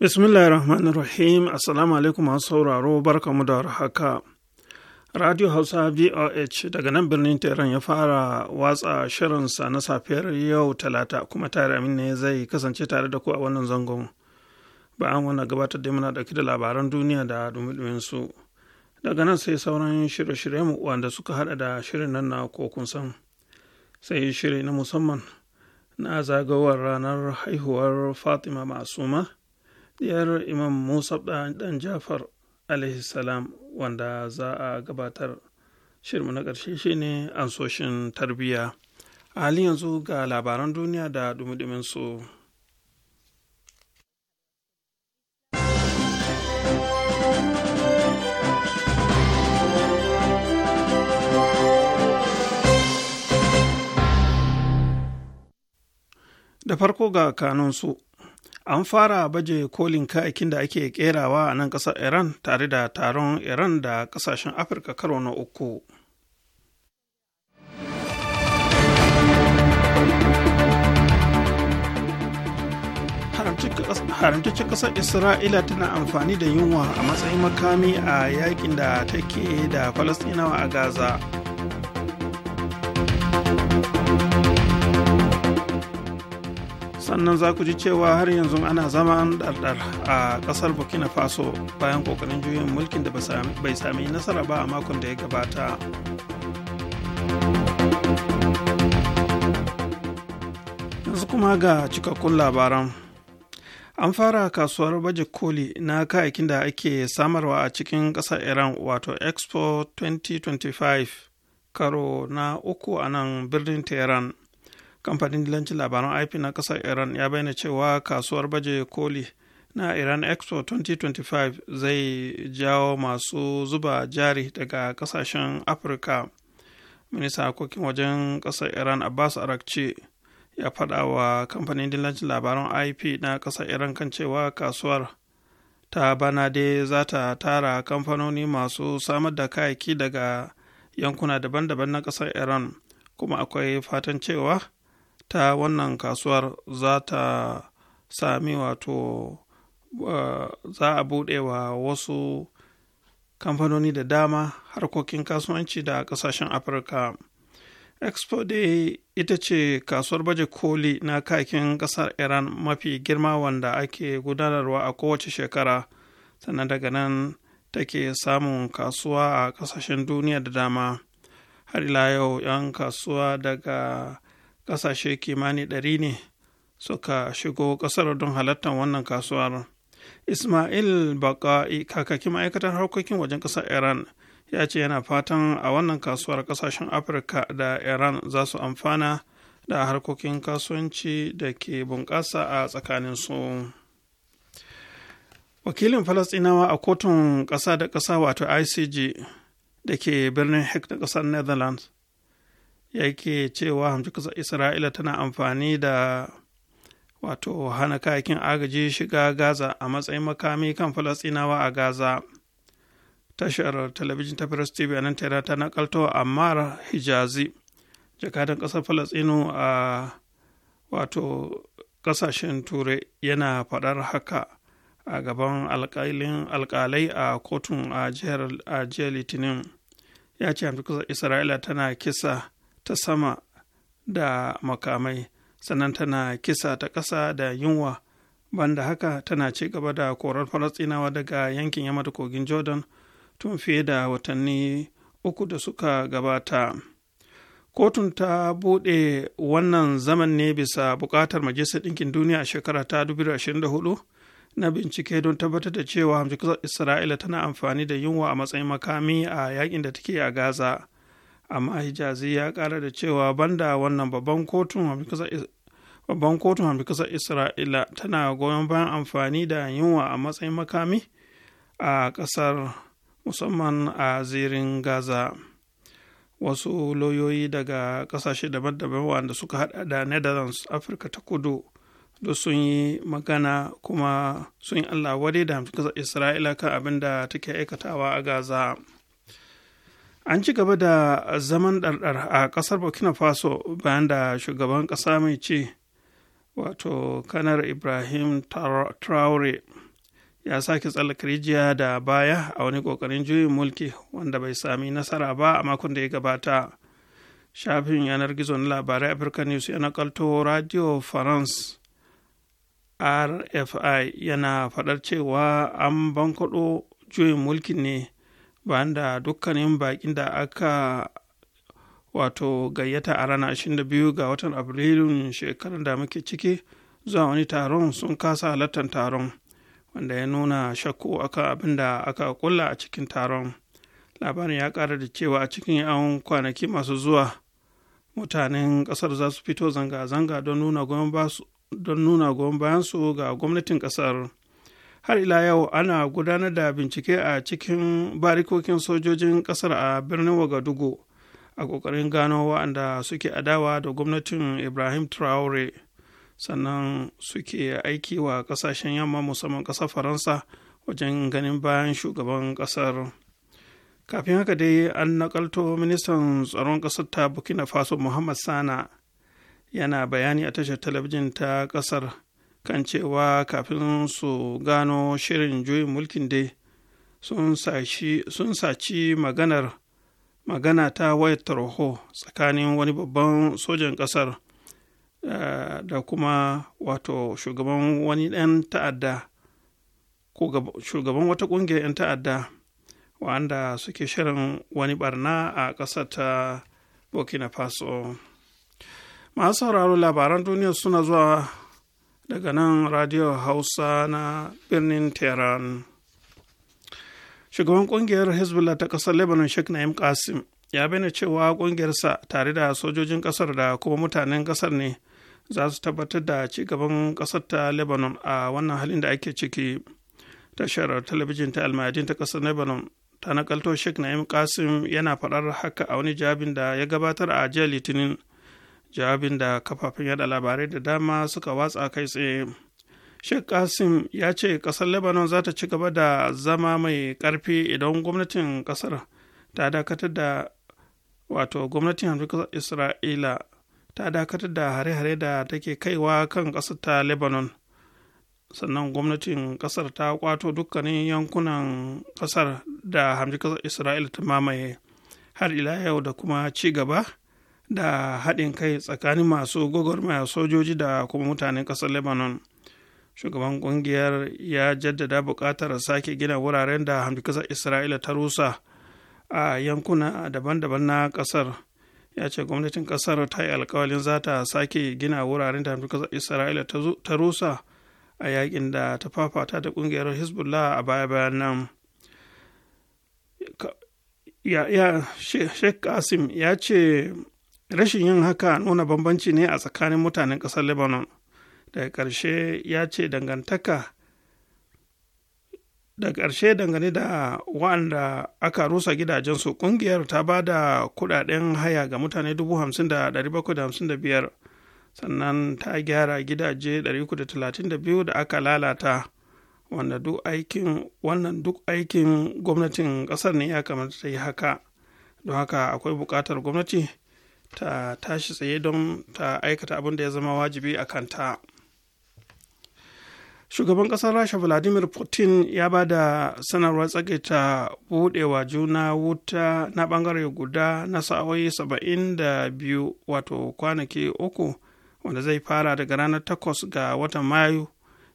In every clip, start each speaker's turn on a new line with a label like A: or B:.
A: Bismillahirrahmanirrahim. rahim assalamu alaikum masu sauraro barkamu da haka radio hausa voh daga nan birnin tehran ya fara watsa shirinsa na safiyar yau talata kuma tare amin ne zai kasance tare da ku a wannan zangon bayan wannan gabatar da muna dauki da labaran duniya da dumi su daga nan sai sauran shirye-shirye mu wanda suka hada da shirin nan na kokun san sai shiri na musamman na zagawar ranar haihuwar fatima masuma diyar imam musa dan jafar salam wanda za a gabatar shirmu na ƙarshe shine ansoshin tarbiyya a halin yanzu ga labaran duniya da dumudumin su. da farko ga kanunsu an fara baje kolin kayakin da ake kerawa a nan kasar iran tare da taron iran da kasashen afirka karo na uku haramtaccen kasar isra'ila tana amfani da yunwa a matsayin makami a yakin da take da falastinawa a gaza sannan za ku ji cewa har yanzu ana zama ɗarɗar a ƙasar burkina faso bayan ƙoƙarin juyin mulkin da bai sami nasara ba a makon da ya gabata yanzu kuma ga cikakkun labaran an fara kasuwar baje koli na kayakin da ake samarwa a cikin ƙasar iran wato expo 2025 karo na uku a nan birnin tehran kamfanin dilancin labaran ip na kasar iran ya bayyana cewa kasuwar baje koli na iran expo 2025 zai jawo masu zuba jari daga kasashen afirka minista harkokin wajen kasar iran abbas arakci ya faɗa wa kamfanin dillancin labaran ip na kasar iran kan cewa kasuwar ta bana dai za ta tara kamfanoni masu samar da kayayyaki daga yankuna daban-daban na kasar iran kuma akwai fatan cewa ta wannan kasuwar za ta sami wato uh, za a buɗe wa wasu kamfanoni da dama harkokin kasuwanci da ƙasashen afirka expo dai ita ce kasuwar baje koli na kakin ƙasar iran mafi girma wanda ake gudanarwa a kowace shekara sannan daga nan take samun kasuwa a ƙasashen duniya da dama har ila yau 'yan kasuwa daga kasashe kimani ɗari ne suka shigo ƙasar don halartar wannan kasuwar ismail baka'i kakakin ma'aikatar harkokin wajen ƙasar iran ya ce yana fatan a wannan kasuwar ƙasashen afirka da iran za su amfana da harkokin kasuwanci da ke bunƙasa a tsakanin su. wakilin falastinawa a kotun ƙasa da ƙasa wato icg da ke birnin hek da ƙasar netherlands yake cewa hamci kasar isra'ila tana amfani da wato hana kayakin agaji shiga gaza a matsayin makami kan falastinawa a gaza tashar talabijin ta press tv a nan tara ta nakalto ammar hijazi jakadan ƙasar falastinu a wato ƙasashen turai yana faɗar haka a gaban alkalai a kotun a jihar litinin ya ce hamci kasar isra'ila tana kisa ta sama da makamai sannan tana kisa ta ƙasa da yunwa banda haka tana ci gaba da korar falastinawa daga yankin yamma kogin jordan tun fiye da watanni uku da suka gabata kotun ta buɗe wannan zaman ne bisa buƙatar majalisar ɗinkin duniya a shekara ta 2024 na bincike don tabbatar da cewa hamjikasar isra'ila tana amfani da yunwa a matsayin makami a yakin da take a gaza amma hijazi ya kara da cewa banda wannan babban kotun hamfi kasar isra'ila tana goyon bayan amfani da yunwa a matsayin makami a kasar musamman a zirin gaza wasu lauyoyi daga kasashe daban-daban wanda suka hada da netherlands afirka ta kudu da sun yi magana kuma sun yi allah wade da kasar isra'ila kan abin da take aikatawa a gaza. an ci gaba da zaman ɗarɗar a ƙasar burkina faso bayan da shugaban ƙasa mai ce wato kanar ibrahim traore ya sake tsallaka rijiya da baya a wani ƙoƙarin juyin mulki wanda bai sami nasara ba a makon da ya gabata shafin yanar gizo na labarai afirka news ya kalto radio france rfi yana faɗar cewa an bankoɗo juyin mulki ne bayan da dukkanin bakin da aka wato gayyata a ranar 22 ga watan abrilun shekarun da muke ciki zuwa wani taron sun kasa halartar taron wanda ya nuna shakku akan abin da aka kulla a cikin taron labarin ya kara da cewa a cikin yawon kwanaki masu zuwa mutanen kasar za su fito zanga-zanga don nuna goyon bayansu ga gwamnatin kasar har ila yau ana gudanar da bincike a cikin barikokin sojojin kasar a birnin wagadugu a kokarin gano waɗanda suke adawa da gwamnatin ibrahim traore sannan suke aiki wa ƙasashen yamma musamman ƙasar faransa wajen ganin bayan shugaban ƙasar kafin haka dai an nakalto ministan tsaron ƙasar ta burkina faso muhammad sana yana bayani a tashar talabijin ta ƙasar kan cewa kafin su gano shirin juyin mulkin dai sun saci maganar magana ta wayar tarho tsakanin wani babban sojan ƙasar eh, da kuma wato shugaban wani ɗan ta'adda ko shugaban wata ƙungiyar 'yan ta'adda wanda suke shirin wani barna a ƙasar ta burkina faso masu sauraron labaran duniya suna zuwa daga nan radio hausa na birnin tehran shugaban kungiyar hezbollah ta kasar lebanon sheikh na'im qasim ya bayyana cewa kungiyarsa tare da sojojin kasar da kuma mutanen kasar ne za su tabbatar da ci gaban kasar ta lebanon a wannan halin da ake ciki tashar talabijin ta almajin ta kasar lebanon ta nakalto sheikh na'im qasim yana faɗar haka a wani jabin da ya gabatar a jiya litinin jawabin da kafafen yada labarai da dama suka watsa kai tsaye sheikh kasim ya ce kasar lebanon za ta ci gaba da zama mai karfi idan gwamnatin kasar ta dakatar da wato gwamnatin isra'ila ta dakatar da hare-hare da take kaiwa kan kasar ta lebanon sannan gwamnatin kasar ta kwato dukkanin yankunan kasar da hamji kasar isra'ila ta mamaye har ila yau da kuma ci gaba da haɗin kai tsakanin masu gwagwarmaya sojoji da kuma mutanen ƙasar lebanon shugaban ƙungiyar ya jaddada buƙatar sake gina wuraren da hamdukasar isra'ila ta rusa a yankuna daban-daban na ƙasar ya ce gwamnatin ƙasar ta yi alkawalin za ta sake gina wuraren da hamdukasar isra'ila ta rusa a yakin da ta fafata da ƙungiyar hezbollah a baya-bayan nan ya, ya, Kasim ya ce rashin yin haka nuna bambanci ne a tsakanin mutanen ƙasar lebanon daga ƙarshe ya ce dangantaka da ƙarshe dangane da waɗanda aka rusa gidajensu ƙungiyar ta ba da kuɗaɗen haya ga mutane 50,755 sannan ta gyara gidaje 332 da aka lalata wanda duk aikin wannan duk aikin gwamnatin ƙasar ne ya kamata ta yi haka don haka akwai buƙatar gwamnati ta tashi tsaye don ta aikata abin da ya zama wajibi a kanta shugaban kasar rasha vladimir putin ya ba da sanarwar tsagaita buɗewa juna wuta na bangare guda na sa'o'i biyu wato kwanaki uku wanda zai fara daga ranar 8 ga watan mayu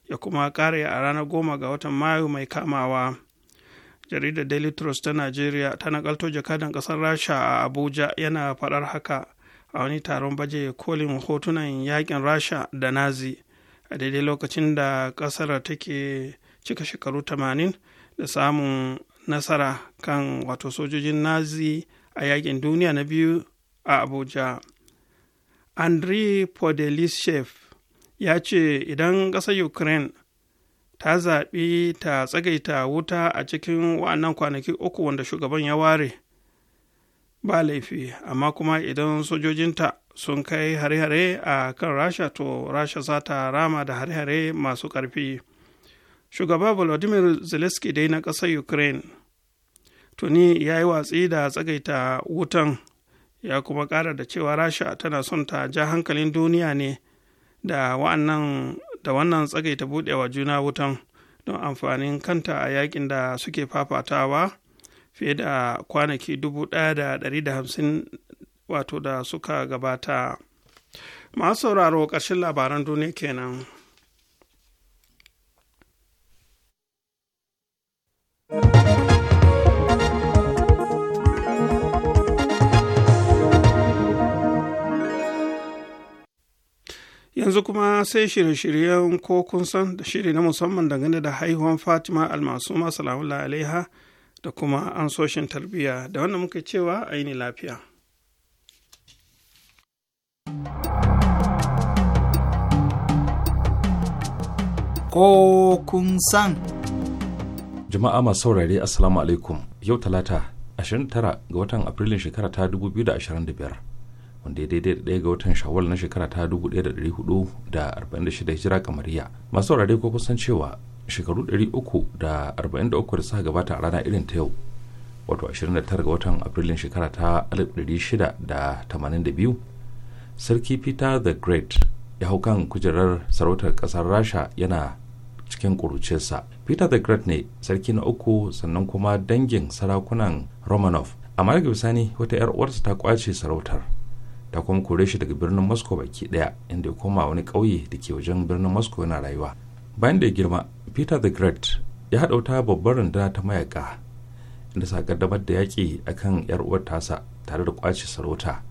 A: ya kuma kare a ranar 10 ga watan mayu mai kamawa jaridar daily trust ta nigeria ta nakalto jakadan kasar rasha a abuja yana faɗar haka a wani taron baje kolin hotunan yakin rasha da nazi a daidai lokacin da kasar take cika shekaru 80 da samun nasara kan wato sojojin nazi a yakin duniya na biyu a abuja andriy podelishev ya ce idan ƙasar ukraine ta zaɓi ta tsagaita wuta a cikin wa'annan kwanaki uku wanda shugaban ya ware ba laifi amma kuma idan sojojinta sun kai hare-hare a kan rasha to rasha za ta rama da hare-hare masu ƙarfi shugaba volodymyr zelensky dai na ƙasar ukraine tuni ya yi watsi da tsagaita wutan ya kuma ƙara da cewa rasha tana son ta ja hankalin duniya ne da wa'annan da wannan ta buɗewa juna wutan don amfanin kanta a yakin da suke fafatawa fiye da kwanaki dubu ɗaya da ɗari da hamsin wato da suka gabata masu sauraro ƙarshen labaran duniya kenan. yanzu kuma sai shirye-shiryen ko kun san da shiri na musamman dangane da haihuwan fatima almasuma salamullah alaiha da kuma ansoshin tarbiyya da wanda muka cewa aini lafiya
B: ko kun san jama'a masu saurare assalamu alaikum yau talata 29 ga watan afrilun shekara ta 2025 wanda ya daidai da ɗaya ga watan shawwal na shekara ta 1446 hijira kamariya masu saurare ko kusan cewa shekaru 343 da suka gabata a rana irin ta yau wato 29 ga watan afrilun shekara ta 1682 sarki peter the great ya hau kan kujerar sarautar ƙasar rasha yana cikin ƙuruciyarsa peter the great ne sarki na uku sannan kuma dangin sarakunan romanov amma daga bisani wata 'yar uwarsa ta kwace sarautar ta kuma kore shi daga birnin moscow baki daya inda ya koma wani ƙauye da ke wajen birnin moscow yana rayuwa bayan da ya girma peter the great ya haɗa wata babbar runduna ta mayaka inda suka gaddamar da yaƙi akan yar uwar tasa tare da kwace sarauta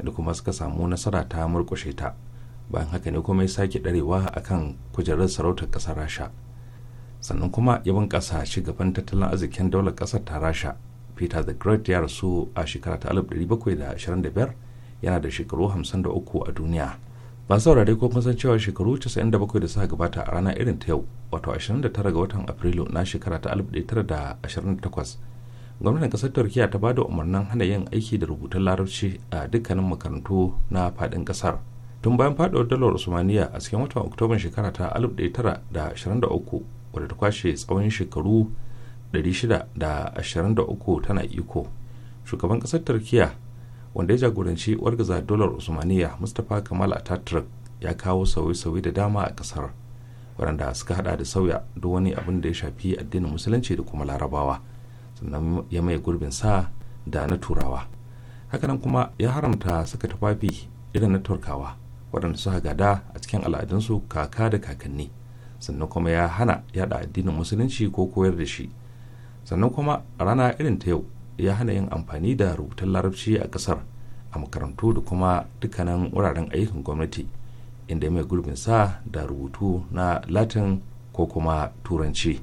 B: inda kuma suka samu nasara ta murƙushe ta bayan haka ne kuma ya sake ɗarewa a kan kujerar sarautar ƙasar rasha sannan kuma ya bunƙasa gaban tattalin arzikin daular ƙasar ta rasha peter the great ya rasu a shekara ta biyar. yana da shekaru 53 a duniya masu saurare ko kun san cewa shekaru 97 da suka gabata a rana irin ta yau wato 29 ga watan afrilu na shekara ta 1928 gwamnatin kasar turkiya ta bada umarnin hana yin aiki da rubutun larabci a dukkanin makarantu na fadin kasar tun bayan faduwar dalar usmaniya a cikin watan oktoban shekara ta 1923 wadda ta kwashe tsawon shekaru 623 tana iko shugaban kasar turkiya wanda ya jagoranci wargaza dolar usmaniya mustapha kamal ataturk ya kawo sauye-sauye da dama a kasar waɗanda suka hada da sauya duk wani abin da ya shafi addinin musulunci da kuma larabawa sannan ya mai gurbin sa da na turawa hakanan kuma ya haramta saka tufafi irin na turkawa waɗanda suka gada a cikin al'adunsu kaka da kakanni sannan kuma ya hana yada addinin musulunci ko koyar da shi sannan kuma rana irin ta yau ya hana yin amfani da rubutun larabci a kasar a makarantu da kuma dukkanin wuraren ayyukan gwamnati inda mai gurbin sa da rubutu na latin ko kuma turanci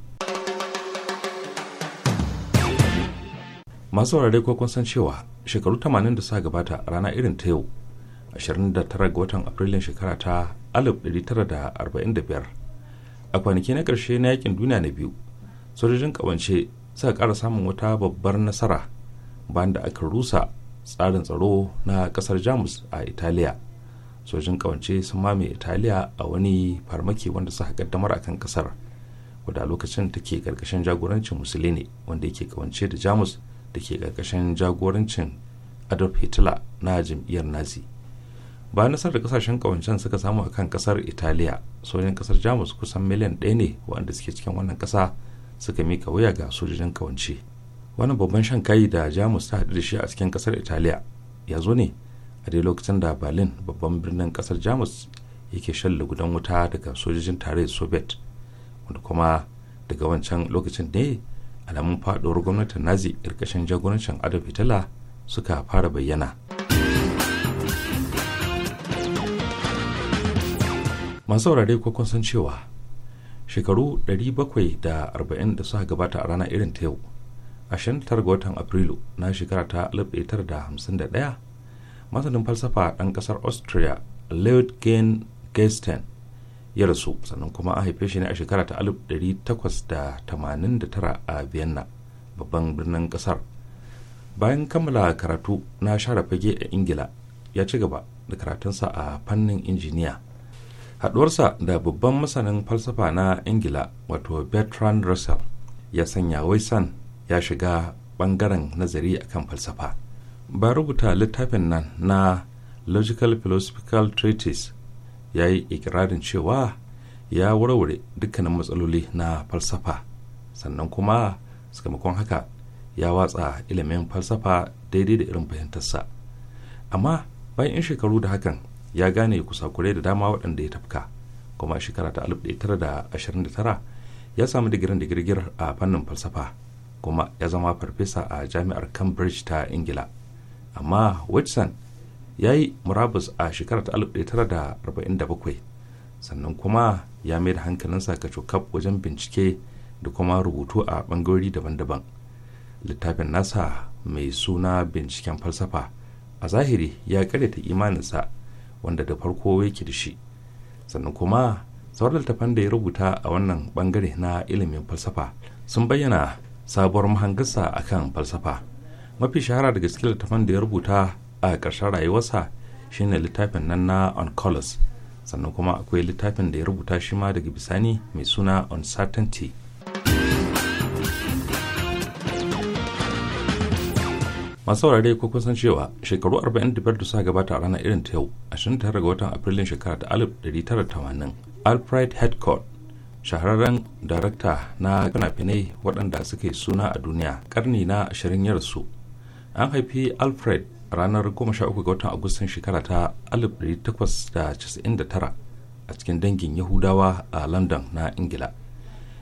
B: masu wurare ko kun san cewa shekaru 80 da sa gabata rana irin ta yau 29 ga watan afrilun shekara ta 1945 a kwanaki na karshe na yakin duniya na biyu sojojin kawance suka kara samun wata babbar nasara bayan da aka rusa tsarin tsaro na ƙasar jamus a italiya sojin kawance sun mame italiya a wani farmaki wanda suka kaddamar akan kasar wadda lokacin take karkashin jagorancin musulini wanda yake kawance da jamus da ke karkashin jagorancin adolf hitler na jam'iyyar nazi bayan nasar da kasashen kawancen suka samu a kan kasar italiya sojin kasar jamus kusan miliyan ɗaya ne waɗanda suke cikin wannan ƙasa suka mika wuya ga sojojin kawance wannan babban shan kayi da jamus ta haɗu da shi a cikin ƙasar italiya ya zo ne a dai lokacin da berlin babban birnin ƙasar jamus yake shan lugudan wuta daga sojojin tarayyar soviet wanda kuma daga wancan lokacin ne alamun faɗuwar gwamnatin nazi ƙarƙashin jagorancin adolf hitler suka fara bayyana masu saurare ko san cewa shekaru 740 da suka gabata a rana irin ta yau shantar ga watan afrilu na shekara ta 1951 masanin falsafa ɗan ƙasar austria leutgen gesten ya rasu sannan kuma an haife shi ne a shekara ta 1889 a vienna babban birnin ƙasar bayan kammala karatu na share fage a ingila ya ci gaba da karatunsa a fannin injiniya haɗuwarsa da babban masanin falsafa na ingila wato bertrand russell ya sanya wai san ya shiga ɓangaren nazari akan falsafa ba rubuta littafin nan na logical philosophical treatise ya yi ikirarin cewa ya warware dukkanin matsaloli na falsafa sannan kuma sakamakon haka ya watsa ilimin falsafa daidai da irin fahimtarsa amma bayan 'yan shekaru da hakan ya gane kusakurai da dama waɗanda ya tafka kuma a shekara ta 1929 ya samu digirin digirgir a fannin falsafa kuma ya zama farfesa a jami'ar cambridge ta ingila amma watson ya yi murabus a shekara ta 1947 sannan kuma ya mai da hankalinsa ga cokaf wajen bincike da kuma rubutu a ɓangarori daban-daban littafin nasa mai suna binciken falsafa a zahiri ya karyata imaninsa wanda da farko yake da shi sannan kuma sauran littafan da ya rubuta a wannan bangare na ilimin falsafa sun bayyana sabuwar mahangarsa akan falsafa mafi shahara daga cikin littafan da ya rubuta a ƙarshen rayuwarsa shine littafin nan na colors sannan kuma akwai littafin da ya rubuta shi ma daga bisani mai suna uncertainty masu saurare ko kun cewa shekaru 45 da suka gabata a ranar irin ta yau 29 ga watan afrilun shekara ta 1980 alfred headcourt shahararren darakta na fina-finai waɗanda suka yi suna a duniya karni na 20 yarsu an haifi alfred ranar 13 ga watan agustan shekara ta 1899 a cikin dangin yahudawa a london na ingila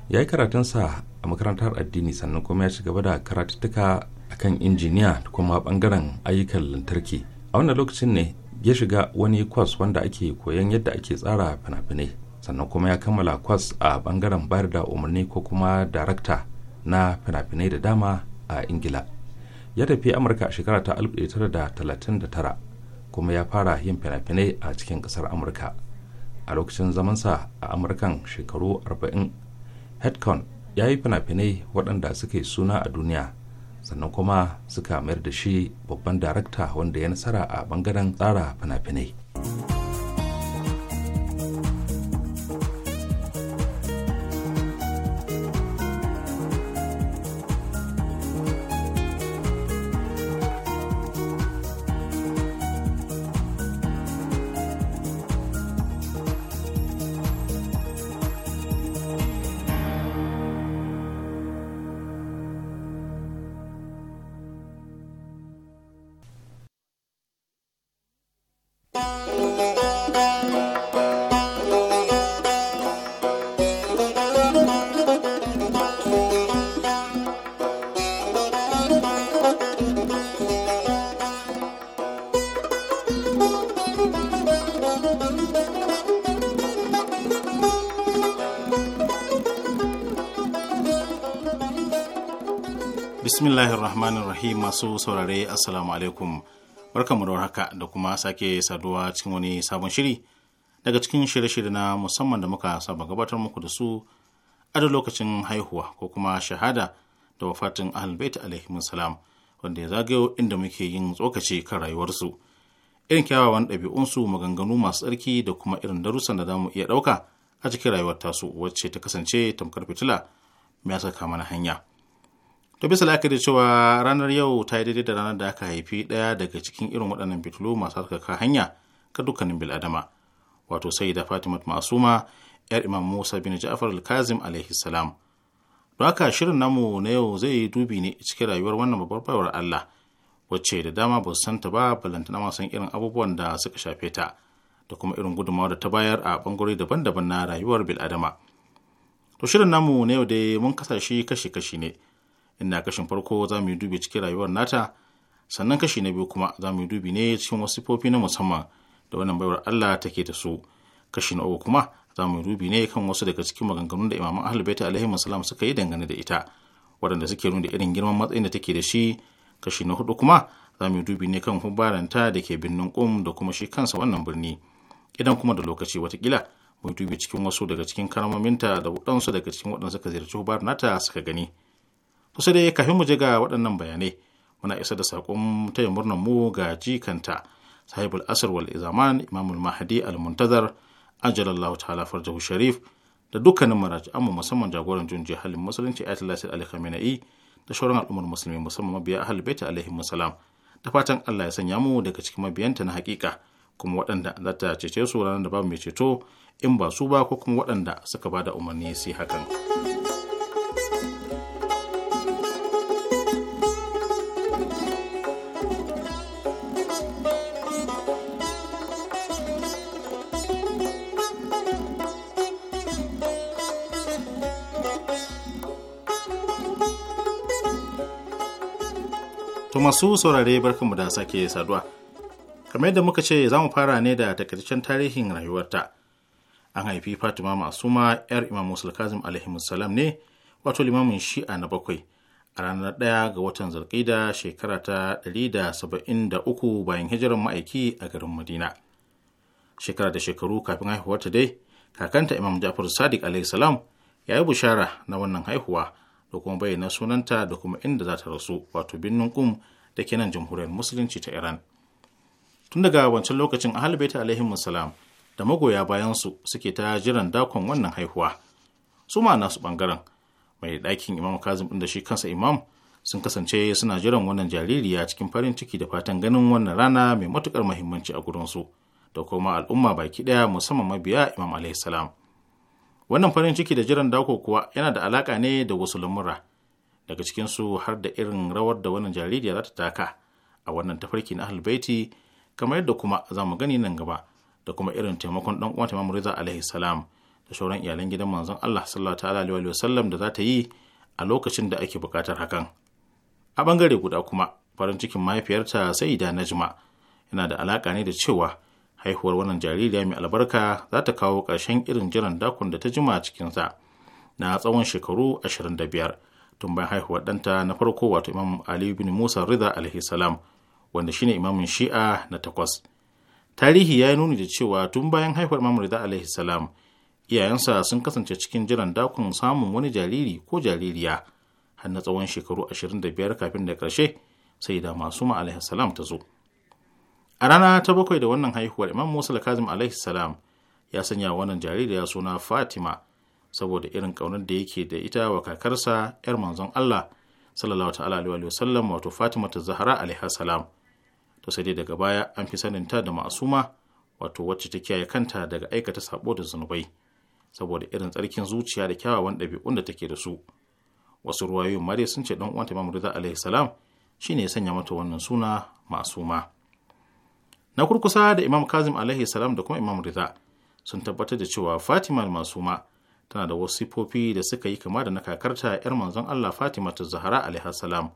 B: ya yi karatunsa a makarantar addini sannan kuma ya ci gaba da karatuttuka kan injiniya da kuma bangaren ayyukan lantarki a wannan lokacin ne ya shiga wani kwas wanda ake koyon yadda ake tsara fina-finai sannan kuma ya kammala kwas a bangaren bayar da umarni ko kuma darakta na fina-finai da dama a ingila ya tafi amurka a shekara ta 1939 kuma ya fara yin fina-finai a cikin kasar amurka a lokacin zamansa a amurkan shekaru headcon ya yi fina-finai waɗanda suka yi suna a duniya sannan kuma suka mayar da shi babban darakta wanda ya nasara a bangaren tsara fina-finai.
C: rahim masu saurare assalamu alaikum barkanmu da haka da kuma sake saduwa cikin wani sabon shiri daga cikin shirye-shirye na musamman da muka saba gabatar muku da su a da lokacin haihuwa ko kuma shahada da wafatin albaita alaihimun salam wanda ya zagayo inda muke yin tsokaci kan rayuwarsu irin kyawawan ɗabi'unsu maganganu masu tsarki da kuma irin darussan da za mu iya ɗauka a cikin rayuwar tasu wacce ta kasance tamkar fitila mai saka mana hanya to bisa la'akari cewa ranar yau ta yi daidai da ranar da aka haifi ɗaya daga cikin irin waɗannan fitilu masu harkaka hanya ga dukkanin bil'adama wato sai da fatimat masuma yar imam musa bin ja'far al-kazim alaihi salam don haka shirin namu na yau zai yi dubi ne cikin rayuwar wannan babbar baiwar allah wacce da dama ba su ta ba ballantana ma san irin abubuwan da suka shafe ta da kuma irin gudunmawa da ta bayar a bangare daban-daban na rayuwar bil'adama to shirin namu na yau dai mun kasashe shi kashi-kashi ne inda kashin farko za mu yi dubi cikin rayuwar nata sannan kashi na biyu kuma za mu yi dubi ne cikin wasu sifofi na musamman da wannan baiwar Allah take da su kashi na uku kuma za mu yi dubi ne kan wasu daga cikin maganganun da imaman ahlul baiti alaihi wasallam suka yi dangane da ita waɗanda suke nuna irin girman matsayin da take da shi kashi na hudu kuma za mu yi dubi ne kan hubaranta da ke birnin kum da kuma shi kansa wannan birni idan kuma da lokaci watakila mu dubi cikin wasu daga cikin karamominta da waɗansu daga cikin waɗanda suka ziyarci hubar nata suka gani kusa sai dai kafin mu je ga waɗannan bayanai muna isa da saƙon taya murnar mu ga jikanta sahibul asr wal izaman imamul mahadi al muntazar ajalallahu ta'ala farjahu sharif da dukkanin maraji amma musamman jagoran jun halin musulunci ayatollah sayyid ali khamenei da shauran al'ummar musulmi musamman mabiya ahlul bait ta salam da fatan Allah ya sanya mu daga cikin mabiyanta na hakika kuma waɗanda za ta cece su ranar da babu mai ceto in ba su ba ko kuma waɗanda suka ba da umarni sai hakan. To masu saurare barkanmu da sake saduwa. Kamar yadda muka ce za mu fara ne da takaitaccen tarihin rayuwarta. An haifi Fatima Masuma ‘yar Imam Musul Kazim salam ne, wato limamin shi'a na bakwai, a ranar ɗaya ga watan Zulqida shekara ta ɗari da da uku bayan hijirar ma'aiki a garin Madina. Shekara da shekaru kafin haihuwarta dai, kakanta Imam Ja'far Sadiq salam ya yi bushara na wannan haihuwa da kuma bayyana sunanta da kuma inda za ta rasu wato birnin kum da ke nan jamhuriyar musulunci ta iran tun daga wancan lokacin ahal baita alaihim da magoya bayan su suke ta jiran dakon wannan haihuwa su ma nasu bangaren mai ɗakin imam kazim ɗin da shi kansa imam sun kasance suna jiran wannan jaririya cikin farin ciki da fatan ganin wannan rana mai matukar muhimmanci a gurinsu da kuma al'umma baki ɗaya musamman mabiya imam alaihi salam wannan farin ciki da jiran dako kuwa yana da alaka ne da wasu lamura daga cikin su har da irin rawar da wannan jaririya za ta taka a wannan tafarki na ahlbaiti kamar yadda kuma za mu gani nan gaba da kuma irin taimakon dan uwa Imam Riza alaihi salam da sauran iyalan gidan manzon Allah sallallahu ta'ala alaihi wa sallam da za ta yi a lokacin da ake bukatar hakan a bangare guda kuma farin cikin mahaifiyarta Sayyida Najma yana da alaka ne da cewa haihuwar wannan jaririya mai albarka za ta kawo ƙarshen irin jiran dakon da ta jima cikinsa na tsawon shekaru 25 tun bayan haihuwar ɗanta na farko wato imam ali bin musa rida alaihi salam wanda shine imamin shi'a na takwas tarihi ya yi nuni da cewa tun bayan haihuwar imam rida alaihi iyayensa sun kasance cikin jiran dakon samun wani jariri ko jaririya har na tsawon shekaru 25 kafin da ƙarshe sai da masu ma alaihi ta zo a rana ta bakwai da wannan haihuwar imam musa kazim alaihi salam ya sanya wannan jaririya suna fatima saboda irin ƙaunar da yake da ita wa kakarsa yar manzon allah sallallahu ta'ala alaihi sallam wato fatima ta zahara alaihi salam to sai dai daga baya an fi sanin ta da ma'asuma wato wacce ta kiyaye kanta daga aikata sabo da zunubai saboda irin tsarkin zuciya da kyawawan ɗabi'un da take da su wasu ruwayoyin mare sun ce ɗan uwanta imam rida alaihi salam shine ya sanya mata wannan suna ma'asuma na kurkusa da imam kazim alaihi salam da kuma imam rida sun tabbatar da cewa fatima masuma tana da wasu sifofi da suka yi kama da na kakarta yar manzon allah fatima ta zahara alaihi salam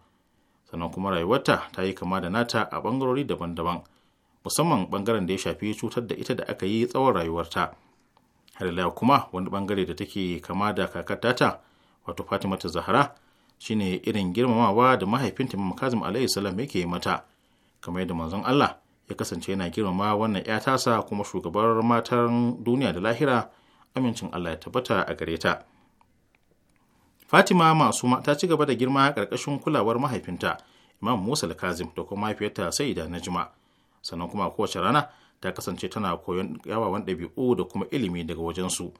C: sannan kuma rayuwarta ta yi kama da nata a bangarori daban-daban musamman bangaren da ya shafi cutar da ita da aka yi tsawon rayuwarta har kuma wani bangare da take kama da kakarta ta wato fatima ta zahara shine irin girmamawa da mahaifinta imam kazim alaihi salam yake mata kamar yadda manzon allah ya kasance yana girmama wannan 'ya tasa kuma shugabar matan duniya da lahira amincin Allah ya tabbata a gare ta. Fatima Masuma ta ci gaba da girma ƙarƙashin kulawar mahaifinta Imam Musa Kazim da kuma mahaifiyarta na Najma. Sannan kuma kowace rana ta kasance tana koyon yawawan ɗabi'u da kuma ilimi daga wajensu.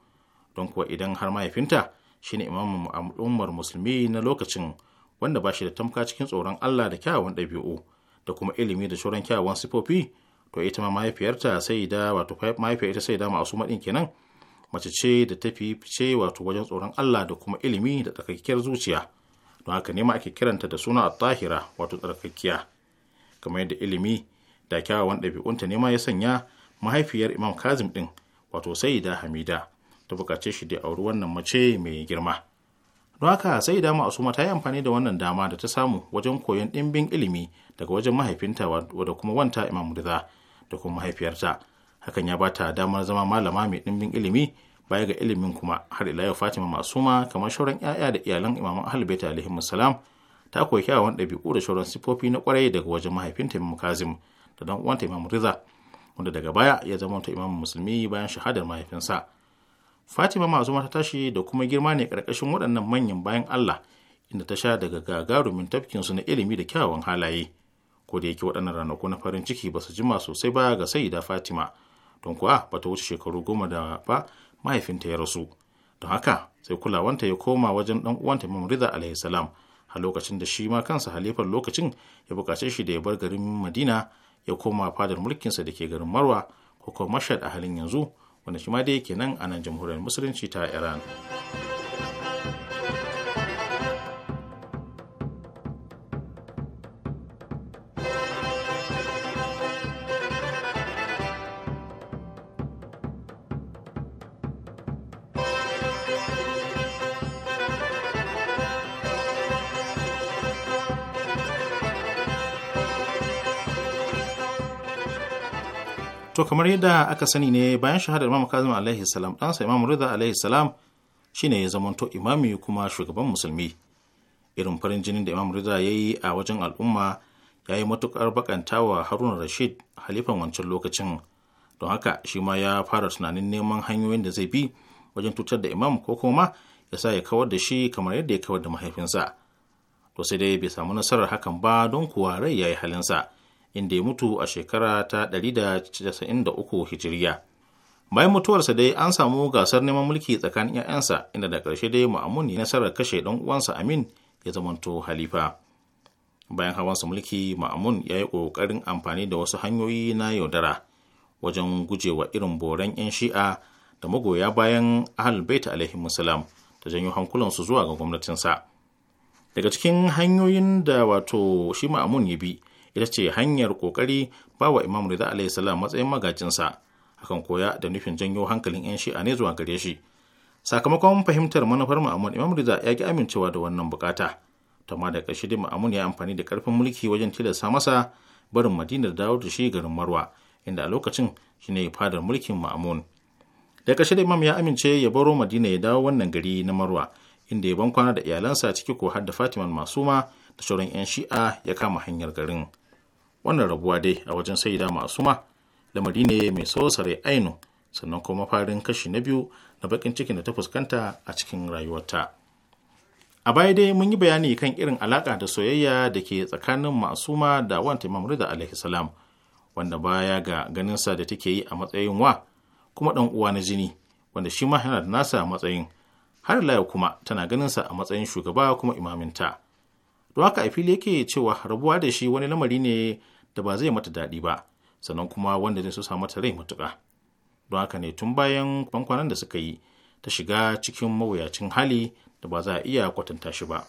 C: Don kuwa idan har mahaifinta shine Imam Umar musulmi na lokacin wanda ba shi da tamka cikin tsoron Allah da kyawawan ɗabi'u. da kuma ilimi da shuran kyawawan sifofi to ita ma mahaifiyarta sai da wato mahaifiyar ita sai da masu maɗin kenan mace ce da ta fi fice wato wajen tsoron Allah da kuma ilimi da tsarkakiyar zuciya don haka ne ma ake kiranta da suna tahira wato tsarkakkiya kamar yadda ilimi da kyawawan ɗabi'unta ne ma ya sanya mahaifiyar imam kazim ɗin wato sai da hamida ta bukace shi da auri wannan mace mai girma don haka sai dama asuma ta yi amfani da wannan dama da ta samu wajen koyon ɗimbin ilimi daga wajen mahaifinta da kuma wanta imam murza da kuma mahaifiyarta hakan ya bata damar zama malama mai ɗimbin ilimi baya ga ilimin kuma har ila yau fatima masuma kamar shauran 'ya'ya da iyalan imaman ahlbaita alaihi salam ta koyi kyawawan ɗabi'u da shauran sifofi na kwarai daga wajen mahaifinta imam kazim da dan uwanta imam riza wanda daga baya ya zama wata imam musulmi bayan shahadar mahaifinsa fatima zuma ta tashi da kuma girma ne ƙarƙashin waɗannan manyan bayan allah inda ta sha daga gagarumin tafkin su na ilimi da kyawawan halaye ko da yake waɗannan ranaku na farin ciki ba su jima sosai ba ga da fatima don kuwa ba ta wuce shekaru goma da ba mahaifinta ya rasu don haka sai kulawanta ya koma wajen ɗan uwanta Riza alayhi salam a lokacin da shi ma kansa halifar lokacin ya buƙaci shi da ya bar garin madina ya koma fadar mulkinsa da ke garin marwa ko kuma Mashhad a halin yanzu wanda shi ma dai kenan a nan jamhuriyar musulunci ta iran to kamar yadda aka sani ne bayan shahadar imam kazim alaihi salam ɗansa imam rida alaihi salam shine ya zamanto imami kuma shugaban musulmi irin farin jinin da imam rida ya yi a wajen al'umma ya yi matukar bakantawa haruna rashid halifan wancan lokacin don haka shi ma ya fara tunanin neman hanyoyin da zai bi wajen tutar da imam ko kuma ya sa ya kawar da shi kamar yadda ya kawar da mahaifinsa to sai dai bai samu nasarar hakan ba don kuwa rai ya yi halinsa inda ya mutu a shekara ta 193 hijiriya. Bayan mutuwarsa dai an samu gasar neman mulki tsakanin 'ya'yansa inda da ƙarshe dai Ma'amun ya nasarar kashe ɗan uwansa Amin ya zamanto halifa. Bayan hawansa mulki Ma'amun ya yi ƙoƙarin amfani da wasu hanyoyi na yaudara wajen gujewa irin boran 'yan shi'a da magoya bayan Ahlul Bait alaihi salam ta janyo hankulansu zuwa ga gwamnatinsa. Daga cikin hanyoyin da wato shi Ma'amun ya bi ita ce hanyar kokari ba wa imam rida alayhi salam matsayin magajinsa akan koya da nufin janyo hankalin 'yan shi'a ne zuwa gare shi sakamakon fahimtar manufar ma'amun imam rida ya ki amincewa da wannan bukata tama da ƙarshe ma'amun ya amfani da karfin mulki wajen tilasta masa barin madina da dawo da shi garin marwa inda a lokacin shine fadar mulkin ma'amun da ƙarshe da imam ya amince ya baro madina ya dawo wannan gari na marwa inda ya ban kwana da iyalansa ciki ko har da fatiman masuma da sauran 'yan shi'a ya kama hanyar garin wannan rabuwa dai a wajen sai da masu ma lamari ne mai sosare ainu sannan kuma farin kashi na biyu na bakin cikin da ta fuskanta a cikin rayuwarta a baya dai mun yi bayani kan irin alaka da soyayya da ke tsakanin masuma da wanta imam rida alaihi wanda baya ga ganinsa da take yi a matsayin wa kuma ɗan uwa na jini wanda shi ma yana da nasa matsayin har layo kuma tana ganinsa a matsayin shugaba kuma imaminta don haka a fili yake cewa rabuwa da shi wani lamari ne da ba zai mata daɗi ba sannan kuma wanda zai so sa mata rai matuƙa don haka ne tun bayan kwankwanan da suka yi ta shiga cikin mawuyacin hali da ba za a iya kwatanta shi ba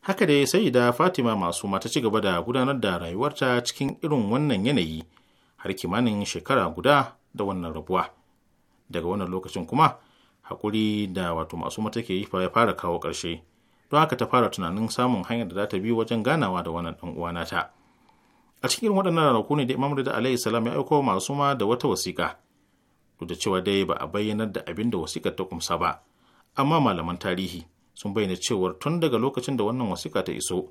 C: haka dai sai da fatima masu mata ci gaba da gudanar da rayuwarta cikin irin wannan yanayi har kimanin shekara guda da wannan rabuwa daga wannan lokacin kuma haƙuri da wato masu mata ke yi ya fara kawo ƙarshe don haka ta fara tunanin samun hanyar da za ta bi wajen ganawa da wannan ɗan uwa nata a cikin waɗannan ranaku ne da imam rida alaihi salam ya aiko masu ma da wata wasiƙa duk da cewa dai ba a bayyanar da abin da wasiƙar ta kumsa ba amma malaman tarihi sun bayyana cewar tun daga lokacin da wannan wasiƙa ta iso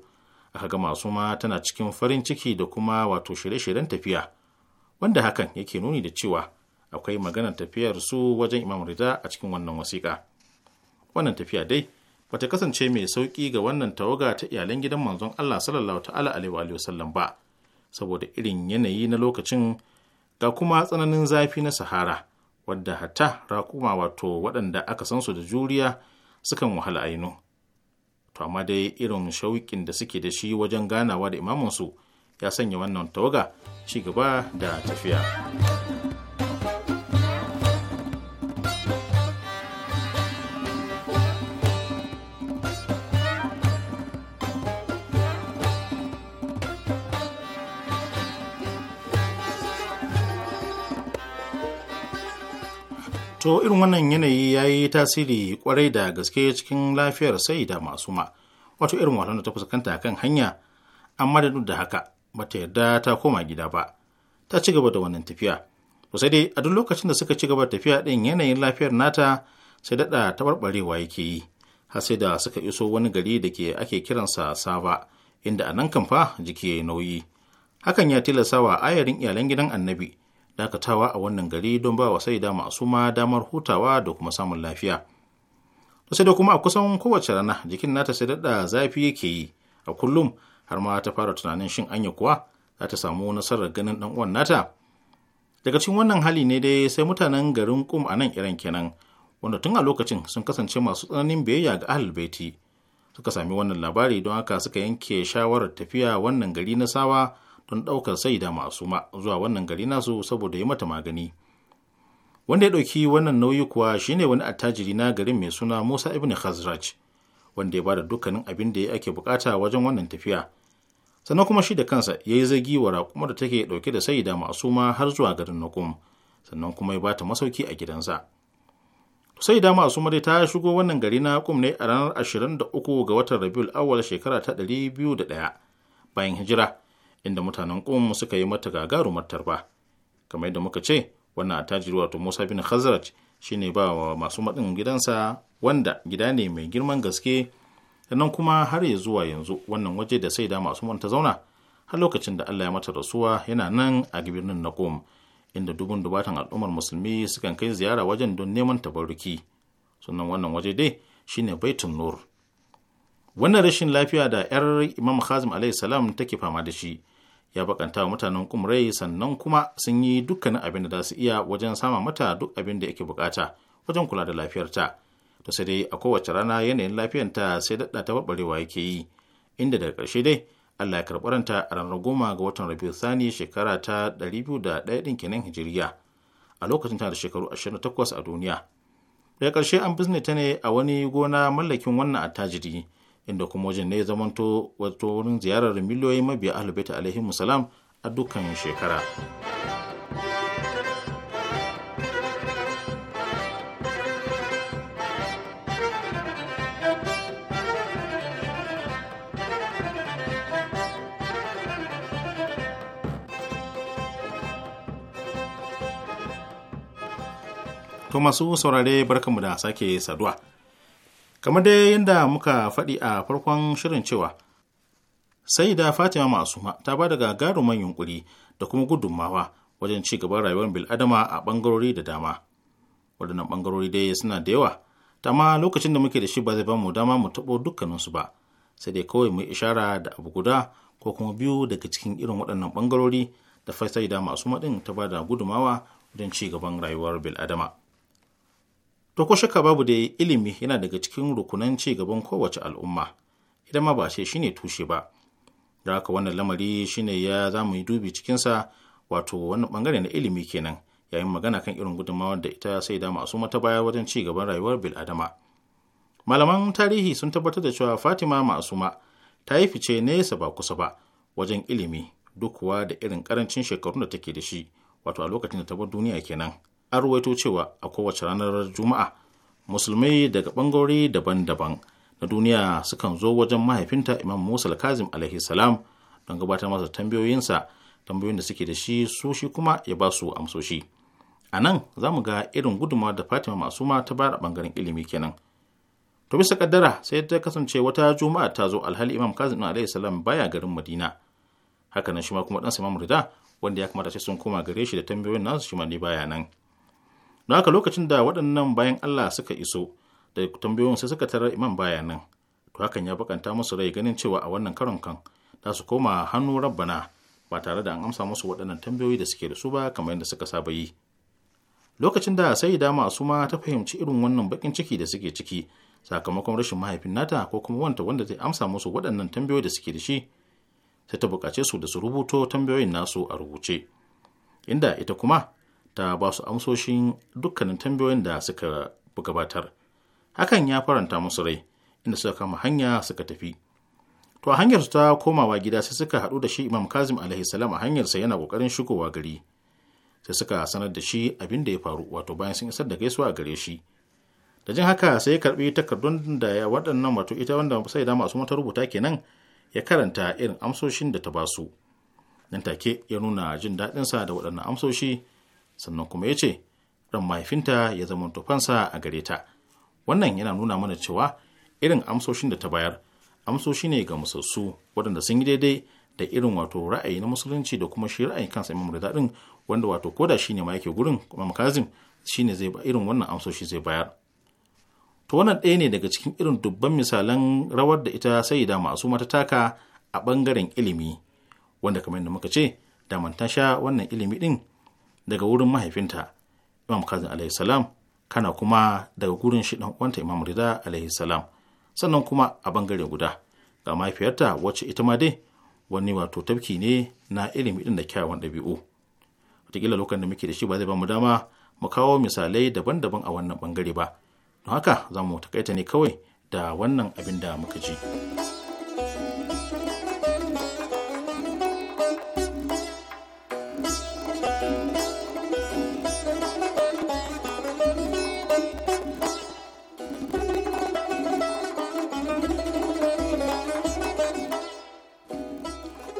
C: aka ga masu ma tana cikin farin ciki da kuma wato shirye-shiryen tafiya wanda hakan yake nuni da cewa akwai maganar tafiyar su wajen imam rida a cikin wannan wasiƙa wannan tafiya dai bata kasance mai sauƙi ga wannan tawaga ta iyalan gidan manzon Allah sallallahu ta'ala alaihi wa sallam ba saboda irin yanayi na lokacin ga kuma tsananin zafi na sahara wadda hatta rakuma wato waɗanda aka san su da juriya sukan wahala ainu to amma dai irin shauƙin da suke da shi wajen ganawa da imamansu ya sanya wannan tawaga ci gaba da
B: tafiya.
C: to irin wannan yanayi ya yi tasiri kwarai da gaske cikin lafiyar sai da masu ma wato irin wasan da ta fuskanta kan hanya amma da duk da haka bata yarda ta koma gida ba ta ci gaba da wannan tafiya to sai dai a duk lokacin da suka ci gaba da tafiya din yanayin lafiyar nata sai daɗa taɓarɓarewa yake yi har sai da suka iso wani gari da ke ake kiransa saba inda a nan kamfa jiki ya nauyi hakan ya tilasa wa ayarin iyalan gidan annabi dakatawa a wannan gari don ba wa saida suma damar hutawa da kuma samun lafiya da sai da kuma a kusan kowace rana jikin nata sai dadda zafi yake yi a kullum har ma ta fara tunanin shin anya kuwa za ta samu nasarar ganin dan uwan nata daga cikin wannan hali ne dai sai mutanen garin kum a nan iran kenan wanda tun a lokacin sun kasance masu tsananin biyayya ga ahal baiti suka sami wannan labari don haka suka yanke shawarar tafiya wannan gari na sawa don ɗaukar saida ma zuwa wannan gari nasu saboda yi mata magani wanda ya ɗauki wannan nauyi kuwa shine wani attajiri na garin mai suna musa ibn khazraj wanda ya bada dukkanin abin da ake bukata wajen wannan tafiya sannan kuma shi da kansa ya yi zagi wa raƙumar da take ɗauke da saida ma har zuwa garin nakum sannan kuma ya bata masauki a gidansa sai da masu mare ta shigo wannan gari na kum ne a ranar 23 ga watan rabiul awwal shekara ta 201 bayan hijira inda mutanen ƙum suka yi mata gagarumar tarba kamar yadda muka ce wannan attajiri wato musa bin khazraj shine ba wa masu maɗin gidansa wanda gida ne mai girman gaske sannan kuma har ya zuwa yanzu wannan waje da sai da masu manta zauna har lokacin da allah ya mata rasuwa yana nan a birnin na ƙum inda dubun dubatan al'ummar musulmi sukan kai ziyara wajen don neman tabarruki sannan wannan waje dai shine baitun nur wannan rashin lafiya da 'yar imam hazim alayhi salam take fama da shi ya bakanta wa mutanen kumrai sannan kuma sun yi dukkanin abin da za su iya wajen sama mata duk abin da yake bukata wajen kula da lafiyarta to sai dai a kowace rana yanayin lafiyarta sai daɗa ta barbarewa yake yi inda daga ƙarshe dai Allah ya karɓaranta a ranar goma ga watan Rabiu Sani shekara ta ɗari biyu da ɗaya ɗin kenan Hijiriya a lokacin tana da shekaru ashirin takwas a duniya. Daga ƙarshe an bizne ta ne a wani gona mallakin wannan attajiri inda kuma wajen ne zamanto wato wurin ziyarar miliyoyin mabiya alibaita alaihi musalam a dukkan shekara. To masu saurare barkanmu da sake saduwa kamar dai yadda muka faɗi a farkon shirin cewa sai da fatima masuma ta ba da gagarumin yunkuri da kuma gudunmawa wajen ci gaban rayuwar bil'adama a ɓangarori da dama waɗannan bangarori dai suna da yawa ta amma lokacin da muke da shi ba zai ba mu dama mu taɓo dukkaninsu ba sai dai kawai mu ishara da abu guda ko kuma biyu daga cikin irin waɗannan ɓangarori da da masu maɗin ta ba da gudumawa wajen ci gaban rayuwar bil'adama. To ko shaka babu da ilimi yana daga cikin rukunan ci gaban kowace al'umma, idan ma ba ce shine tushe ba. Da haka wannan lamari shine ya za mu yi dubi cikinsa wato wannan bangare na ilimi kenan yayin magana kan irin gudunmawar da ita sai da masu mata baya wajen ci gaban rayuwar bil'adama. Malaman tarihi sun tabbatar da cewa Fatima Ma'asuma ta yi fice nesa ba kusa ba wajen ilimi duk kuwa da irin karancin shekarun da take da shi wato a lokacin da ta bar duniya kenan. an ruwaito cewa a kowace ranar juma'a musulmai daga bangarori daban-daban na duniya sukan zo wajen mahaifinta imam musa kazim alaihi salam don gabatar masa tambayoyinsa tambayoyin da suke da shi su shi kuma ya ba su amsoshi a nan za mu ga irin gudunmawa da fatima masu ta bayar a bangaren ilimi kenan to bisa kaddara sai ta kasance wata juma'a ta zo alhali imam kazim alaihi salam baya garin madina hakanan shi ma kuma dan imam rida wanda ya kamata sai sun koma gare shi da tambayoyin nasu shi ma ne baya nan Don haka lokacin da waɗannan bayan Allah suka iso da tambayoyin sai suka tarar imam baya nan. To hakan ya bakanta musu rai ganin cewa a wannan karon kan za su koma hannu rabbana ba tare da an amsa musu waɗannan tambayoyi da suke da su ba kamar yadda suka saba yi. Lokacin da sai dama su ma ta fahimci irin wannan bakin ciki da suke ciki sakamakon rashin mahaifin nata ko kuma wanta wanda zai amsa musu waɗannan tambayoyi da suke da shi sai ta buƙace su da su rubuto tambayoyin nasu a rubuce. Inda ita kuma ta ba su amsoshin dukkanin tambayoyin da suka gabatar hakan ya faranta musu rai inda suka kama hanya suka tafi to a hanyar su ta komawa gida sai suka haɗu da shi imam kazim alaihi salam a hanyarsa yana ƙoƙarin shigowa gari sai suka sanar da shi abin da ya faru wato bayan sun isar da gaisuwa a gare shi da jin haka sai ya karbi takardun da ya waɗannan wato ita wanda sai da masu mata rubuta kenan ya karanta irin amsoshin da ta basu nan take ya nuna jin daɗinsa da waɗannan amsoshi sannan kuma ya ce ran mahaifinta ya zama tufansa a gare ta wannan yana nuna mana cewa irin amsoshin da ta bayar amsoshi ne ga musassu waɗanda sun yi daidai da irin wato ra'ayi na musulunci da kuma shi ra'ayin kansa imam da daɗin wanda wato koda ne ma yake gurin kuma shi ne zai irin wannan amsoshi zai bayar to wannan ɗaya ne daga cikin irin dubban misalan rawar da ita sai da masu mata taka a ɓangaren ilimi wanda kamar yadda muka ce daman ta sha wannan ilimi ɗin. daga wurin mahaifinta imam kazin alaihi salam kana kuma daga gurin shi dan uwanta imam rida alaihi salam sannan kuma a bangare guda ga mahaifiyarta wacce ita ma dai wani wato tafki ne na ilimi din da kyawawan ɗabi'u wataƙila lokacin da muke da shi ba zai ba mu dama mu kawo misalai daban-daban a wannan bangare ba don haka za mu takaita ne kawai da wannan abin da muka ji.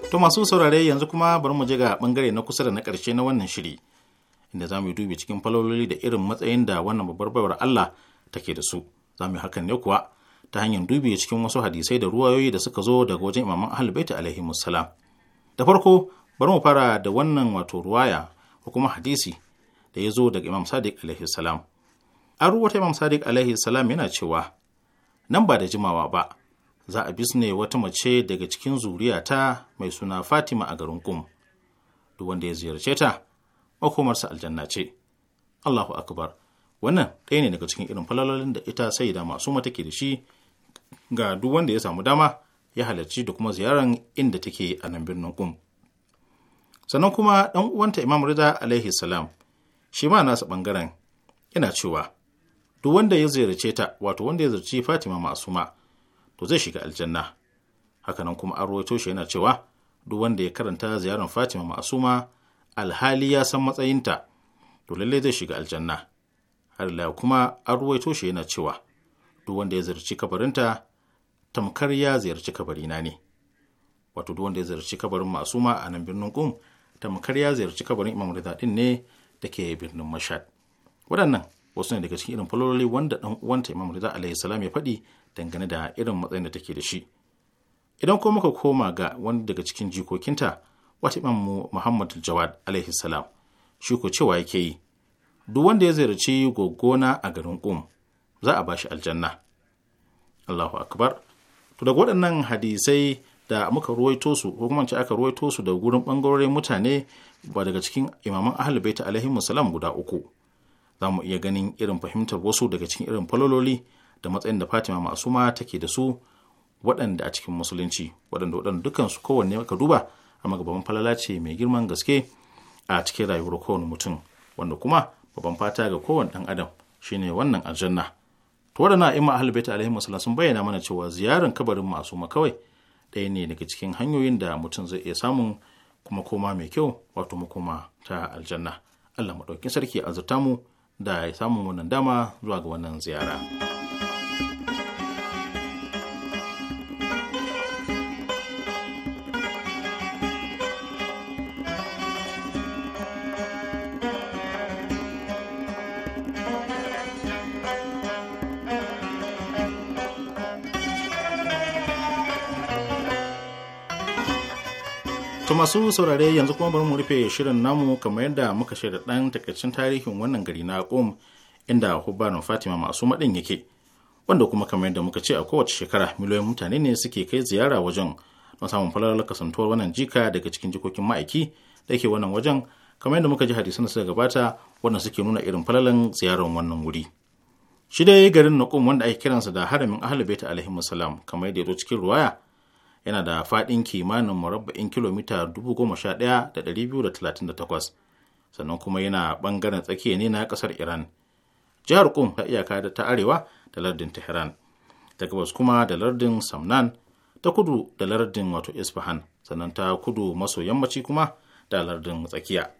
C: To masu saurare yanzu kuma bari mu je ga bangare na kusa da na ƙarshe na wannan shiri inda za mu yi dubi cikin falololi da irin matsayin da wannan babbar baiwar Allah take da su. Za mu yi hakan ne kuwa ta hanyar dubi cikin wasu hadisai da ruwayoyi da suka zo daga wajen imaman Ahlul Bait alaihi salam. Da farko bari mu fara da wannan wato ruwaya ko kuma hadisi da ya zo daga Imam Sadiq alaihi salam. An ruwata Imam Sadiq alaihi salam yana cewa nan ba da jimawa ba za a bisne wata mace daga cikin zuriyata mai suna Fatima a garin Kum. Duk wanda ya ziyarce ta, makomarsa aljanna ce. Allahu akbar. Wannan ɗaya ne daga cikin irin falalolin da ita sai da masu mata ke da shi ga duk wanda ya samu dama ya halarci da kuma ziyaran inda take a nan birnin kum Sannan kuma ɗan uwanta Imam Rida alaihi salam shi ma nasa ɓangaren yana cewa duk wanda ya ziyarce ta wato wanda ya ziyarci Fatima Masuma to zai shiga aljanna hakanan kuma an rawaito shi yana cewa duk wanda ya karanta ziyarar fatima ma'asuma alhali ya san matsayinta to lallai zai shiga aljanna har ila kuma an rawaito shi yana cewa duk wanda ya ziyarci kabarinta tamkar ya ziyarci kabarina ne wato duk wanda ya ziyarci kabarin ma'asuma a nan birnin kum tamkar ya ziyarci kabarin imam rida din ne da ke birnin mashad waɗannan wasu ne daga cikin irin falololi wanda ɗan uwanta imam rida alayhi salam ya faɗi dangane da irin matsayin da take da shi idan kuma muka koma ga wani daga cikin jikokinta wata mu Muhammadu jawad alaihi salam shi ko cewa yake yi duk wanda ya ziyarci gogona a garin kum za a bashi aljanna allahu akbar to daga waɗannan hadisai da muka ruwaito su ko kuma aka ruwaito su da gurin ɓangarorin mutane ba daga cikin imaman ahal baita alaihi salam guda uku za mu iya ganin irin fahimtar wasu daga cikin irin falololi da matsayin da fatima masu ma take da su waɗanda a cikin musulunci waɗanda waɗanda dukansu kowanne ka duba a magababan falala ce mai girman gaske a cikin rayuwar kowane mutum wanda kuma babban fata ga kowane ɗan adam shine wannan aljanna to waɗanda imma ahlul bait alaihi wasallam sun bayyana mana cewa ziyarar kabarin masu ma kawai ɗaya ne daga cikin hanyoyin da mutum zai iya samun kuma koma mai kyau wato makoma ta aljanna Allah maɗaukin sarki azurta mu da samun wannan dama zuwa ga wannan ziyara. masu saurare yanzu kuma bari mu rufe shirin namu kamar yadda muka shirya dan takaicin tarihin wannan gari na Qom inda Hubbaran Fatima masu maɗin yake. Wanda kuma kamar yadda muka ce a kowace shekara miliyoyin mutane ne suke kai ziyara wajen don samun falalar kasantuwar wannan jika daga cikin jikokin ma'aiki da ke wannan wajen kamar yadda muka ji hadisan da suka gabata wanda suke nuna irin falalan ziyarar wannan wuri. Shi dai garin na Naqum wanda ake kiransa da haramin Ahlul Bait alaihi salam kamar yadda ya zo cikin ruwaya yana da faɗin kimanin murabba'in kilomita 11,238 sannan kuma yana ɓangaren tsakiya ne na ƙasar iran jihar kum ta iyaka da ta arewa da lardin tehran ta gabas kuma da lardin samnan ta kudu da lardin wato isfahan sannan ta kudu maso yammaci kuma da lardin tsakiya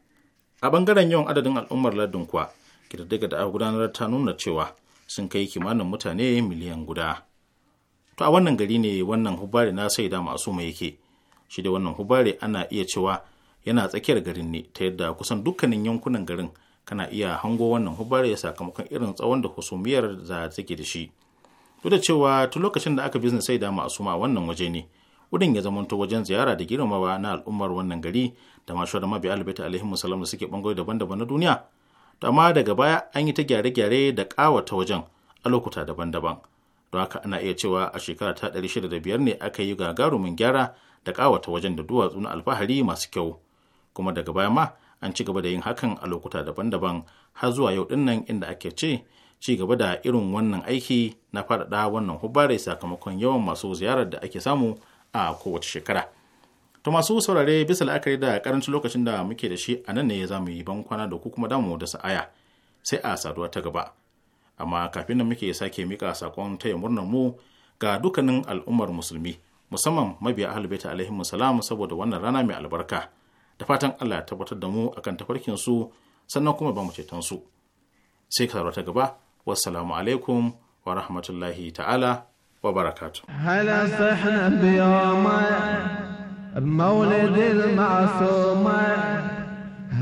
C: a bangaren yawan adadin al'ummar lardin kuwa kididdiga da aka gudanar ta nuna cewa sun kai kimanin mutane miliyan guda to a wannan gari ne wannan hubare na sai da masu mai yake shi da wannan hubare ana iya cewa yana tsakiyar garin ne ta yadda kusan dukkanin yankunan garin kana iya hango wannan hubare sakamakon irin tsawon da husumiyar da take da shi duk da cewa tun lokacin da aka bizne sai da masu ma wannan waje ne wurin ya zamanto wajen ziyara da girmamawa na al'ummar wannan gari da masu da mabiya albaita alaihi musallam da suke bangare daban-daban na duniya to amma daga baya an yi ta gyare-gyare da kawata wajen a lokuta daban-daban don haka ana iya cewa a shekara ta biyar ne aka yi gagarumin gyara da ƙawata wajen da duwatsu na alfahari masu kyau kuma daga baya ma an ci gaba da yin hakan a lokuta daban-daban har zuwa yau dinnan inda ake ce ci gaba da irin wannan aiki na faɗaɗa wannan hubare sakamakon yawan masu ziyarar da ake samu a kowace shekara. To masu saurare bisa la'akari da karancin lokacin da muke da shi a nan ne za mu yi bankwana da ku kuma damu da sa'aya sai a saduwa ta gaba. amma kafin nan muke sake mika sakon taya murnar mu ga dukkanin al'ummar musulmi musamman mabiya ahlul baiti alaihi salam saboda wannan rana mai albarka da fatan Allah ya tabbatar da mu akan tafarkin su sannan kuma ba mu ceton su sai ka ta gaba wassalamu alaikum wa rahmatullahi ta'ala wa barakatuh
D: مولد المعصومة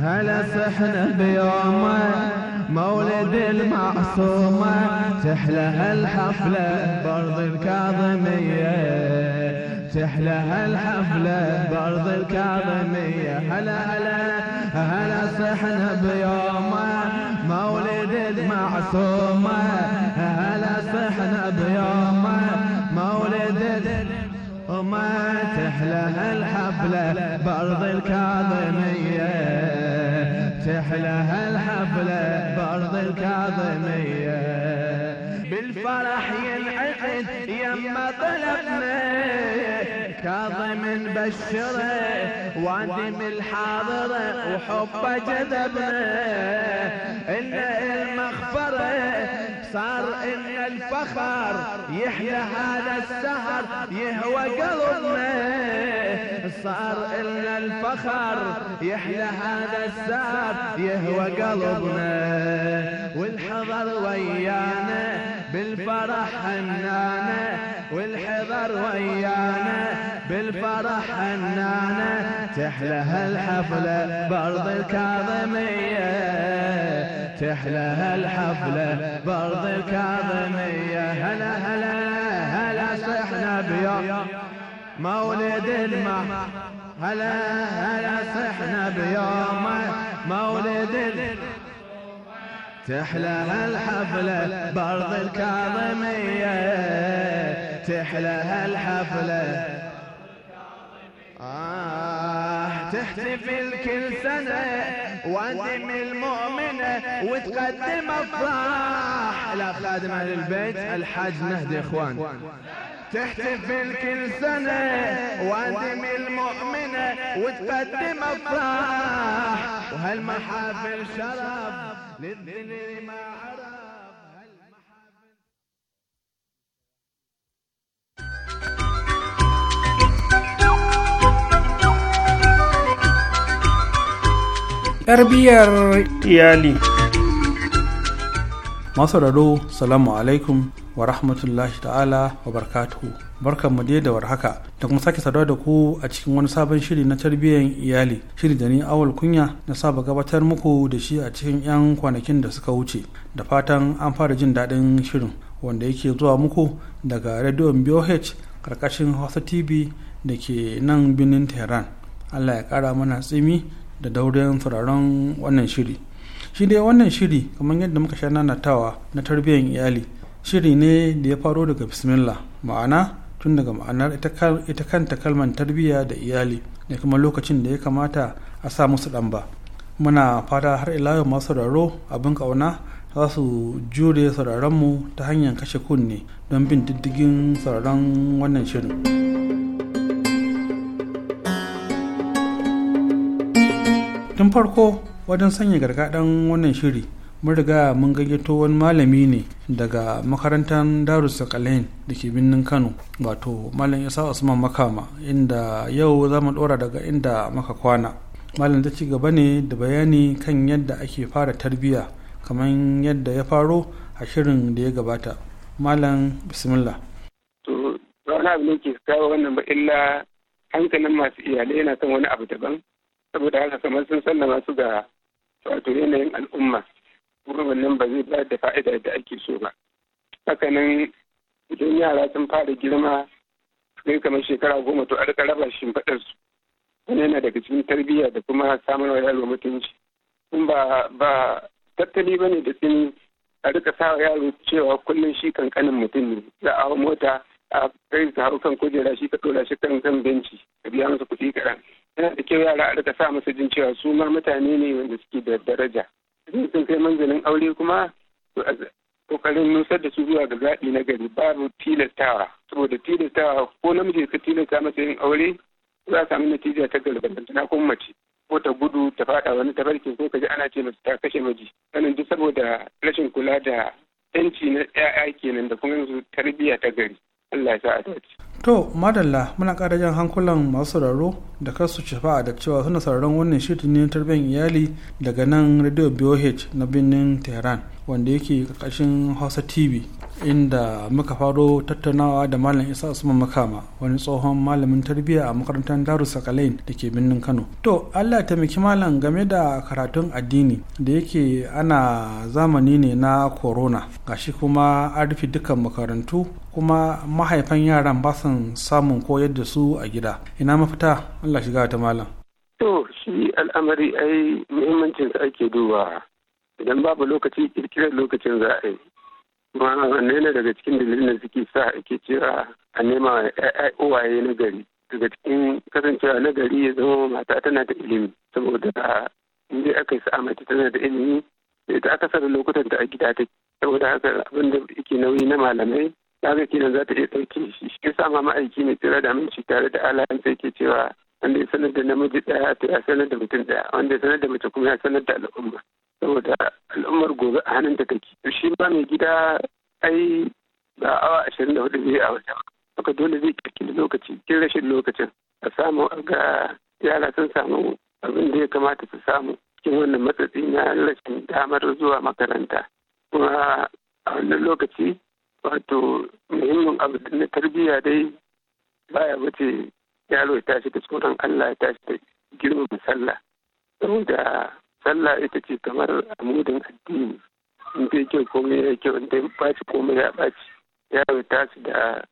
D: هلا صحنا بيومه مولد المعصومة تحلى الحفلة برض الكاظمية تحلى هالحفلة برض الكاظمية هلا هلا هلا صحنا بيومه مولد المعصومة هلا صحنا بيومه مولد وما تحلى هالحفلة برض الكاظمية تفتح لها الحفلة برض الكاظمية بالفرح ينعقد يما طلبنا كاظم بشره وادم الحاضرة وحبه جذبنا إن المغفرة صار ان الفخر يحلى هذا السهر يهوى قلبنا صار ان الفخر يحلى هذا السهر يهوى قلبنا والحضر ويانا بالفرح حنانا والحضر ويانا بالفرح حنانا تحلى هالحفلة برض الكاظمية تحلى الحفلة برض الكاظمية هلا هلا هلا صحنا بيوم مولد المح هلا هلا صحنا بيوم مولد
E: تحلى الحفلة برض الكاظمية تحلى الحفلة
D: آه تحتفل كل سنة وانم المؤمنة وتقدم الصاح لا خادم اهل البيت الحاج مهدي اخوان تحتفل كل سنة وانم المؤمنة وتقدم افراح وهالمحافل شرف للذنب
F: tarbiyyar iyali Masu raro, salamu alaikum wa rahmatullahi ta'ala wa barkatuhu barkan mu da haka da kuma sake saduwa da ku a cikin wani sabon shiri na tarbiyyar iyali shiri da ni awal kunya na saba gabatar muku da shi a cikin 'yan kwanakin da suka wuce da fatan an fara jin daɗin shirin wanda yake zuwa muku daga rediyon BOH karkashin Hausa TV da ke nan birnin Tehran. Allah ya ƙara mana tsimi da daurin sauraron wannan shiri shi dai wannan shiri kamar yadda muka sha nanatawa na tarbiyyar iyali shiri ne da ya faro daga bismillah ma'ana tun daga ma'anar ita kanta kalmar tarbiyya da iyali da kuma lokacin da ya kamata a sa musu ɗan ba muna fata har ila yau masu sauraro abin ƙauna za su jure sauraronmu ta hanyar kashe kunne don bin diddigin sauraron wannan shirin. tun farko wajen sanya gargaɗin wannan shiri mun riga mun gayyato wani malami ne daga makarantar darus sakalain da ke birnin kano wato malam isa usman makama inda yau za mu ɗora daga inda maka kwana malam ta ci gaba ne da bayani kan yadda ake fara tarbiyya kamar yadda ya faro a shirin da ya gabata malam bismillah
G: to wani abu ne ke kawo wannan ba illa hankalin masu iyalai yana kan wani abu daban saboda haka kamar sun sallama su ga wato yanayin al'umma kuma wannan ba zai ba da fa'ida da ake so ba haka nan idan yara sun fara girma kai kamar shekara goma to a rika raba shimfiɗar su wani yana daga cikin tarbiyya da kuma samun wa yaro mutunci in ba ba tattali ba ne da tsini a rika sa wa yaro cewa kullum shi kankanin mutum ne za a hau mota a kai su hau kan kujera shi ka ɗora shi kan kan benci ka biya masa kuɗi kaɗan yana da kyau yara a rika sa masa jin cewa su mutane ne wanda suke da daraja idan sun kai manzanin aure kuma kokarin nusar da su zuwa ga zaɓi na gari babu tilastawa saboda tilastawa ko namiji ka tilasta masa yin aure za a samu natija ta galbantana ko mace ko ta gudu ta faɗa wani tafarkin ko ka ji ana ce mace ta kashe maji. wannan duk saboda rashin kula da yanci na 'ya'ya kenan da kuma yanzu tarbiyya ta gari Allah ya
F: to madalla muna ƙara jan hankulan masu sauraro da kasu shafa'a da cewa suna sauraron wannan shirin ne tarbiyyar iyali daga nan radio BOH na birnin Tehran wanda yake ƙarƙashin Hausa TV inda muka faro tattaunawa da malam isa usman makama wani tsohon malamin tarbiyya a makarantar darus sakalain da ke birnin kano to allah taimaki malam game da karatun addini da yake ana zamani ne na corona gashi kuma an rufe dukkan makarantu kuma mahaifan yaran ba san samun koyar da su a gida ina mafita Allah shiga ta malam
G: to shi al'amari ai muhimmancin sa ake duba idan babu lokaci kirkirar lokacin za a yi ma wanne ne daga cikin dalilin da suke sa ake cewa a nema uwaye na gari daga cikin kasancewa na gari ya zama mata tana da ilimi saboda in dai aka yi sa'a mace tana da ilimi da ita akasarin lokutan da a gida ta saboda haka abin da yake nauyi na malamai kaga kenan za ta iya ɗauke shi shi yasa ma ma'aiki mai tsira da aminci tare da alayan sai ke cewa wanda ya sanar da namiji ɗaya to ya sanar da mutum ɗaya wanda ya sanar da mace kuma ya sanar da al'umma saboda al'ummar gobe a hannun ta kake to shi ba mai gida ai ba awa ashirin da hudu zai a wata haka dole zai kirkiri lokaci cikin rashin lokacin a samu a ga yara sun samu abin da ya kamata su samu cikin wannan matsatsi na rashin damar zuwa makaranta kuma a wannan lokaci wato muhimmin abu na tarbiyya dai baya bace yaro ya tashi da tsoron Allah ya tashi da girmama sallah saboda sallah ita ce kamar amudin addini in dai kyau komai ya kyau in dai baci komai ya baci yaro ya tashi da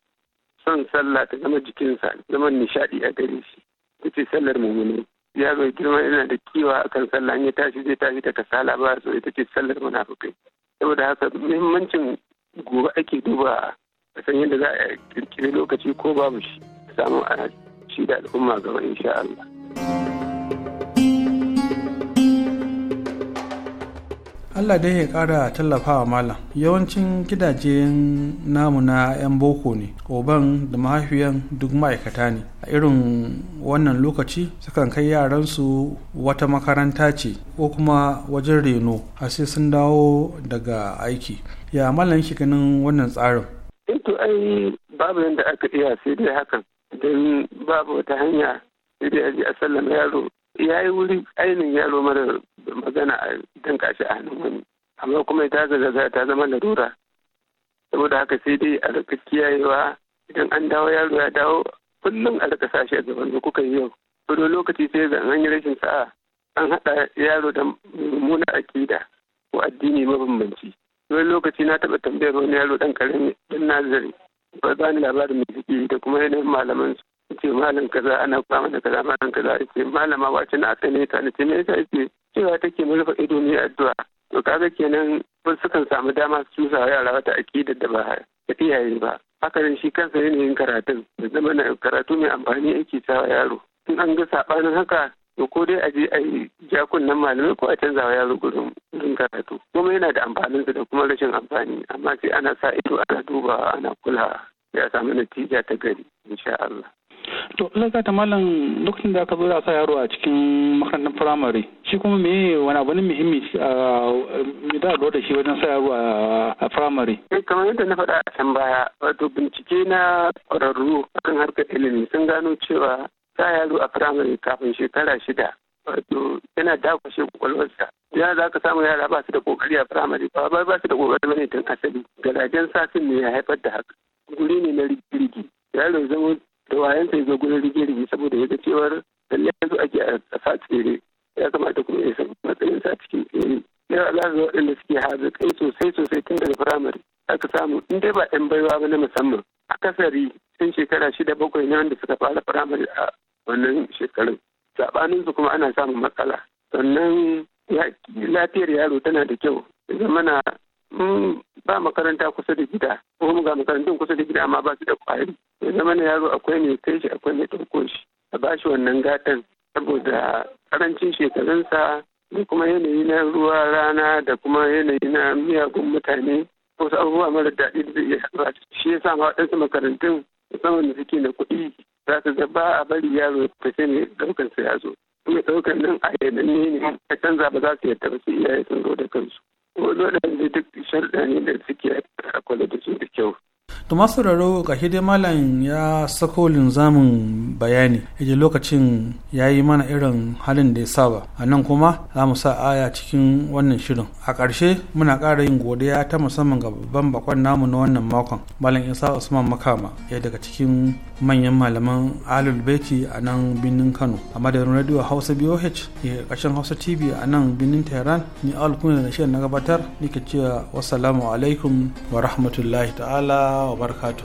G: son sallah ta zama jikinsa zama nishadi a gare shi ita ce sallar mumuni yaro girma yana da kiwa kan sallah in ya tashi zai tashi da kasala ba so ita ce sallar munafukai saboda haka muhimmancin gobe ake duba a san yadda za a kirkiri lokaci ko babu shi samu a ci da al'umma gaba insha Allah.
F: allah dai ya kara wa malam yawancin gidajen namu na 'yan boko ne oban da mahaifiyan duk ma'aikata ne a irin wannan lokaci sukan kai yaransu wata makaranta ce ko kuma wajen reno har sai sun dawo daga aiki ya malam shi ganin wannan tsarin
G: eh to ai babu yadda aka iya sai dai hakan don babu wata hanya sai dai a sallama yaro ya yi wuri ainihin yaro mara magana a dan kashi a hannun wani amma kuma ta zaga ta zama larura saboda haka sai dai a rika kiyayewa idan an dawo yaro ya dawo kullum a rika sashi a gaban da kuka yi yau wani lokaci sai zan an yi rashin sa'a an haɗa yaro da mummuna akida ko addini mabambanci wani lokaci na taɓa tambayar wani yaro ɗan ƙarami ɗan nazari ba labarin mai da kuma yanayin malaman ce malam kaza ana fama da kaza malam kaza ce malama wace na ne ta ce me yasa ce cewa take mu rufe ido ne addu'a to kaga kenan sukan samu dama su cusa yara wata akidar da ba ta iyaye ba ne shi kansa yanayin karatun da zama na karatu mai amfani yake wa yaro in an ga sabanin haka to ko dai a je a yi jakunan malamai ko a canza wa yaro gurin gurin karatu kuma yana da su da kuma rashin amfani amma sai ana sa ido ana dubawa ana kulawa ya samu natija ta gari insha Allah
F: to alaga ta malam lokacin da aka zo da sa yaro a cikin makarantar firamare shi kuma me wani abu ne muhimmi
G: me da da shi wajen sa yaro a firamare eh, kamar yadda na faɗa a can baya wato bincike na ƙwararru akan harkar ilimi sun gano cewa sa yaro a firamare kafin shekara shida wato yana dakwashe kwakwalwarsa Ya za ka samu yara ba su da kokari a firamare ba ba su da kokari ne tun asali garajen sasin ne ya haifar da haka guri ne na rigirgi yaro zama sai wayansa ya zo gurin saboda ya ga cewar lalle yanzu ake a sa tsere ya kamata kuma ya san matsayin sa cikin tsere ya za ga waɗanda suke haza kai sosai sosai tun daga firamare aka samu in dai ba ɗan baiwa ba na musamman a kasari tun shekara shida bakwai ne wanda suka fara firamare a wannan shekarun saɓaninsu kuma ana samun matsala sannan lafiyar yaro tana da kyau zamana mun ba makaranta kusa da gida ko mu ga makarantun kusa da gida amma ba su da kwari ya zama na yaro akwai mai kai shi akwai mai ɗauko shi a ba shi wannan gatan saboda karancin shekarunsa da kuma yanayi na ruwa rana da kuma yanayi na miyagun mutane wasu abubuwa mara daɗi da zai iya haɗuwa shi ya sa ma waɗansu makarantun musamman da suke na kuɗi za su ga ba a bari yaro ta ce ne ɗaukan sa ya zo kuma ɗaukan nan a yanayi ne a canza ba za su yadda ba su iyaye sun zo da kansu waɗanda duk sharɗa ne da suke a kula da su da kyau
F: to masu raro ga dai malam ya sako linzamin bayani yaje lokacin ya yi mana irin halin da ya saba a nan kuma za mu sa aya cikin wannan shirin a ƙarshe muna ƙara yin godiya ta musamman ga babban bakon namu na wannan makon malam isa usman makama ya daga cikin manyan malaman alul beti a nan birnin kano a madadin radio hausa boh ya ƙarshen hausa tv a nan birnin tehran ni alkuna da shirin na gabatar nake cewa wassalamu alaikum wa rahmatullahi ta'ala wa barakatuhu